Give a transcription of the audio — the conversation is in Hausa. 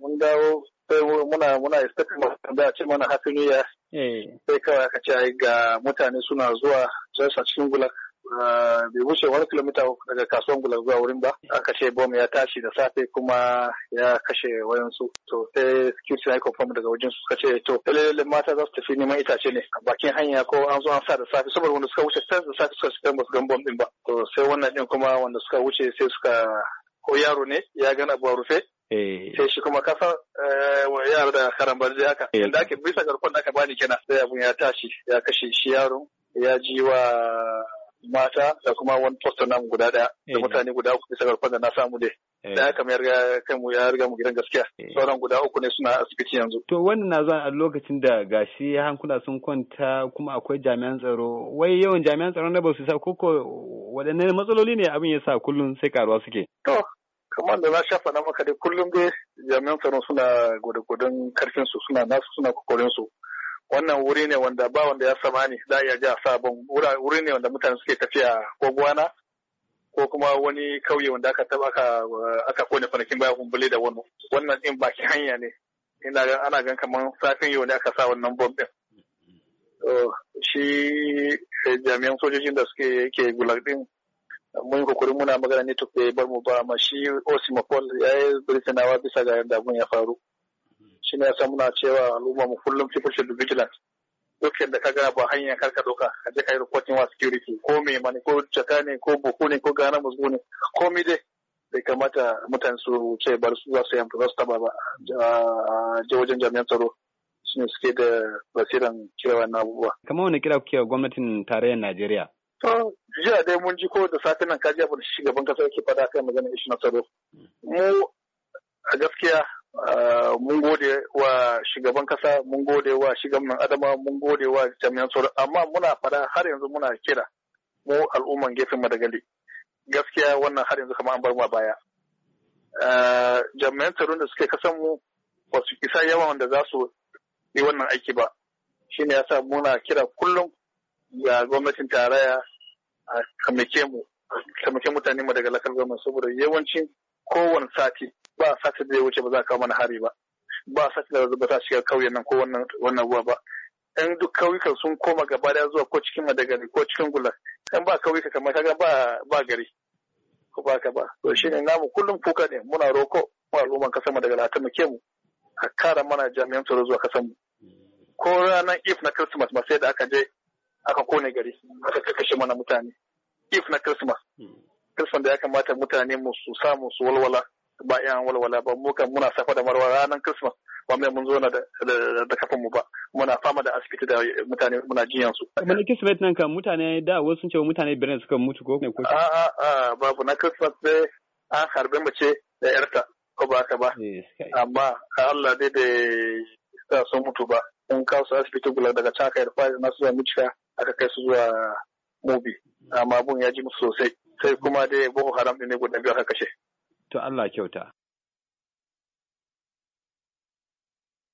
mun dawo sai muna muna expect da ce mana happy new year eh. sai kawai aka ce ga mutane suna zuwa just a cikin gulak ah, bai wuce wani kilomita daga kasuwan gulak zuwa wurin ba aka ce bom ya tashi da safe kuma ya kashe wayansu to sai security na confirm daga wajen suka ce to lalle mata za su tafi neman itace ne A bakin hanya ko an zo an sa da safe saboda wanda suka wuce sai da safe suka shiga ba su gan bom din ba to sai wannan din kuma wanda suka wuce sai suka ko yaro ne ya gana abu a rufe sai eh. eh, shi kuma kasa eh, yara da karan barzi haka inda ake bisa garkon da aka bani kenan sai abun ya tashi ya kashe shi yaro ya ji wa mata da kuma wani poster namu guda daya da mutane guda uku bisa garkon da na samu dai da aka mayar ga kanmu ya riga mu gidan gaskiya sauran guda uku ne suna asibiti yanzu to wannan na zuwa a lokacin da gashi hankula sun kwanta kuma akwai jami'an tsaro wai yawan jami'an tsaro na ba su sa koko waɗannan matsaloli ne abin ya sa kullum sai karuwa suke to kamar da na shafa faɗa maka dai kullum dai jami'an tsaro suna gwadagwadon karfin su suna nasu suna kokarin su wannan wuri ne wanda ba wanda ya sama ne za a iya ji a sabon wuri ne wanda mutane suke tafiya ko gwana ko kuma wani kauye wanda aka taba aka aka kone kwanakin baya kumbule da wani wannan din baki hanya ne ina ga ana gan kamar safin yau ne aka sa wannan bomb din shi eh, jami'an sojojin da suke ke gulag din mun yi kokarin muna magana ne tufe bar mu ba amma shi Osimopol ya yi birtanawa bisa ga yadda abun ya faru. Shi ne yasa muna cewa al'umma mu kullum people should be vigilant. Duk yadda ka ga ba hanyar karka doka ka je ka yi reporting wa security ko me ma ko jaka ne ko buku ne ko gana musgu ne ko mi dai. Bai kamata mutane su ce bar su za su yi za su taba ba je wajen jami'an tsaro. Shi suke da basiran kira wannan abubuwa. Kamar wani kira kuke gwamnatin tarayyar Najeriya? jiya dai mun ji ko da safe nan kaji abin shugaban kasa yake fada kai magana ishi na tsaro mu a gaskiya ah, mun gode wa shugaban kasa mun gode wa shugaban adama mun gode wa jami'an tsaro amma muna fada har yanzu muna kira mu al'umman gefen madagali gaskiya wannan har yanzu kamar an bar mu a baya ah, jami'an tsaron da suke kasan mu ba su isa yawan da za su yi wannan aiki ba shine yasa muna kira kullum ga gwamnatin tarayya a mu mutane mu daga lakar gama saboda yawanci kowane sati ba sati da ya wuce ba za a kawo mana hari ba ba sati da ba za a shiga kauyen nan ko wannan ruwa ba in duk kauyukan sun koma gaba daya zuwa ko cikin madagari ko cikin gula in ba kauyuka kamar kaga ba ba gari ko ba ka ba to shine namu kullum kuka ne muna roko mu al'umman kasar mu daga latin mu ke mu a kara mana jami'an tsaro zuwa kasar mu ko ranar if na christmas ma sai da aka je aka kone gari aka kashe mana mutane if na christmas hmm. christmas da ya kamata mutane mu su samu su walwala ba yan walwala ba mu kan muna safa da marwa ranar christmas ba mai mun zo na da kafin mu ba muna fama da asibiti da mutane muna jiyan su na christmas nan kan mutane da wasu sun ce mutane birnin suka mutu ko ne ko a a babu na christmas sai an harbe mace da yarta ko ba ka ba amma Allah dai da sa sun mutu ba mun kawo su asibiti gula daga can aka rufa na zuwa micika aka kai su zuwa mobi amma bun ya ji musu sosai sai kuma dai boko haram ne guda biyu aka kashe to Allah kyauta